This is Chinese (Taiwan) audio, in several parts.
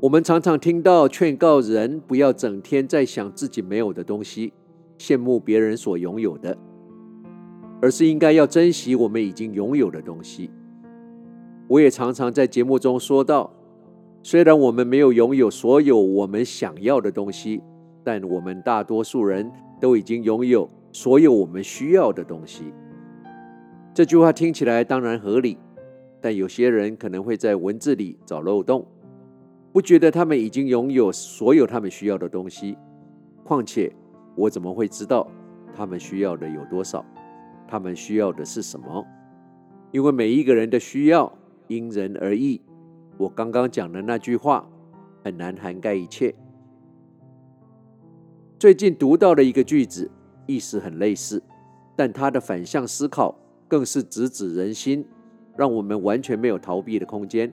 我們常常聽到勸告人不要整天在想自己沒有的東西，羨慕別人所擁有的，而是應該要珍惜我們已經擁有的東西。我也常常在節目中說到，雖然我們沒有擁有所有我們想要的東西，但我們大多數人都已經擁有所有我們需要的東西。這句話聽起來當然合理，但有些人可能會在文字裡找漏洞。不覺得他們已經擁有所有他們需要的東西？況且，我怎麼會知道他們需要的有多少？他們需要的是什麼？因為每一個人的需要因人而異。我剛剛講的那句話很難涵蓋一切。最近讀到的一個句子，意思很類似，但它的反向思考更是直指人心，讓我們完全沒有逃避的空間。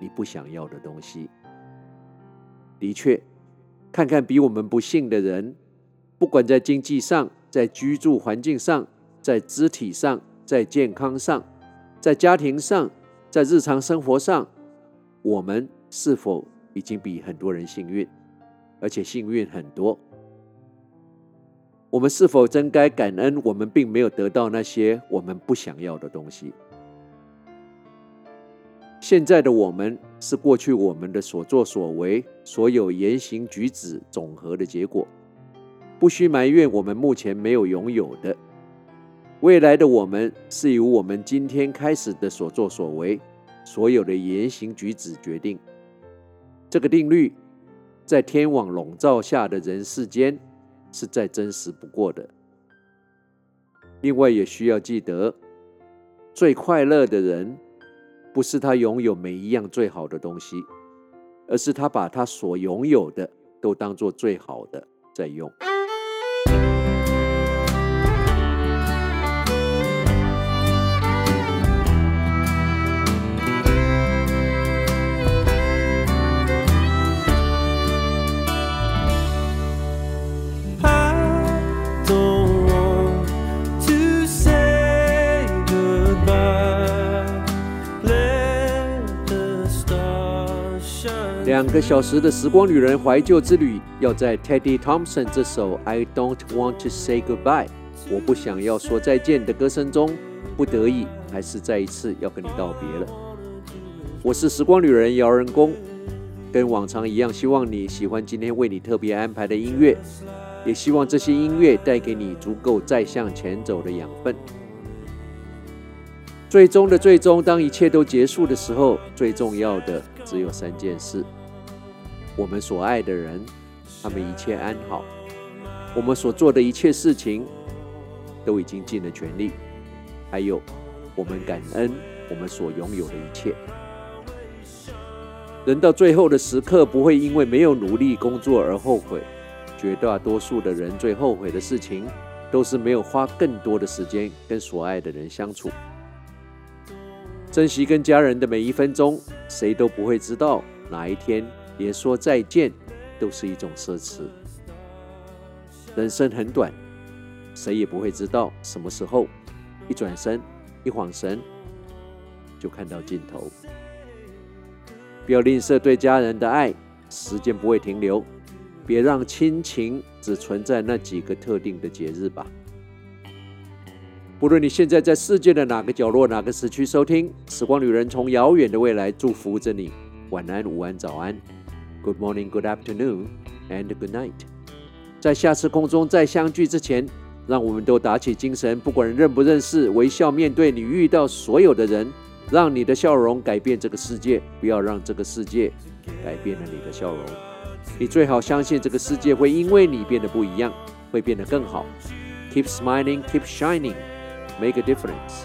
你不想要的東西，的確，看看比我們不幸的人，不管在經濟上、在居住環境上、在肢體上、在健康上、在家庭上、在日常生活上，我們是否已經比很多人幸運，而且幸運很多？我們是否真該感恩，我們並沒有得到那些我們不想要的東西？現在的我們是過去我們的所作所為、所有言行舉止總和的結果，不需埋怨我們目前沒有擁有的。未來的我們是由我們今天開始的所作所為、所有的言行舉止決定。這個定律在天網籠罩下的人世間是再真實不過的。另外，也需要記得，最快樂的人，不是他擁有每一樣最好的東西，而是他把他所擁有的都當做最好的在用。兩個小時的時光旅人懷舊之旅，要在 Teddy Thompson 這首 I Don't Want to Say Goodbye 我不想要說再見的歌聲中，不得已還是再一次要跟你道別了。我是時光旅人姚人工，跟往常一樣，希望你喜歡今天為你特別安排的音樂，也希望這些音樂帶給你足夠再向前走的養分。最終的最終，當一切都結束的時候，最重要的。只有三件事：我們所愛的人，他們一切安好；我們所做的一切事情，都已經盡了全力；還有，我們感恩我們所擁有的一切。人到最後的時刻，不會因為沒有努力工作而後悔。絕大多數的人最後悔的事情，都是沒有花更多的時間跟所愛的人相處。珍惜跟家人的每一分鐘，誰都不會知道哪一天連說再見都是一種奢侈。人生很短，誰也不會知道什麼時候一轉身一晃神就看到盡頭。不要吝嗇對家人的愛，時間不會停留，別讓親情只存在那幾個特定的節日吧。不論你現在在世界的哪個角落、哪個時區收聽，《時光旅人》從遙遠的未來祝福着你。晚安、午安、早安，Good morning, Good afternoon, and Good night。在下次空中再相聚之前，讓我們都打起精神，不管認不認識，微笑面對你遇到所有的人，讓你的笑容改變這個世界。不要讓這個世界改變了你的笑容。你最好相信這個世界會因為你變得不一樣，會變得更好。Keep smiling, keep shining。Make a difference，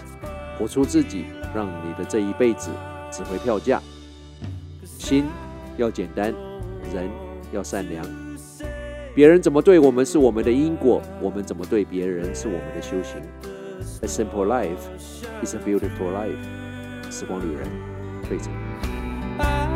活出自己，讓你的這一輩子值回票價。心要簡單，人要善良。別人怎麼對我們是我們的因果，我們怎麼對別人是我們的修行。A simple life is a beautiful life。時光旅人，退場。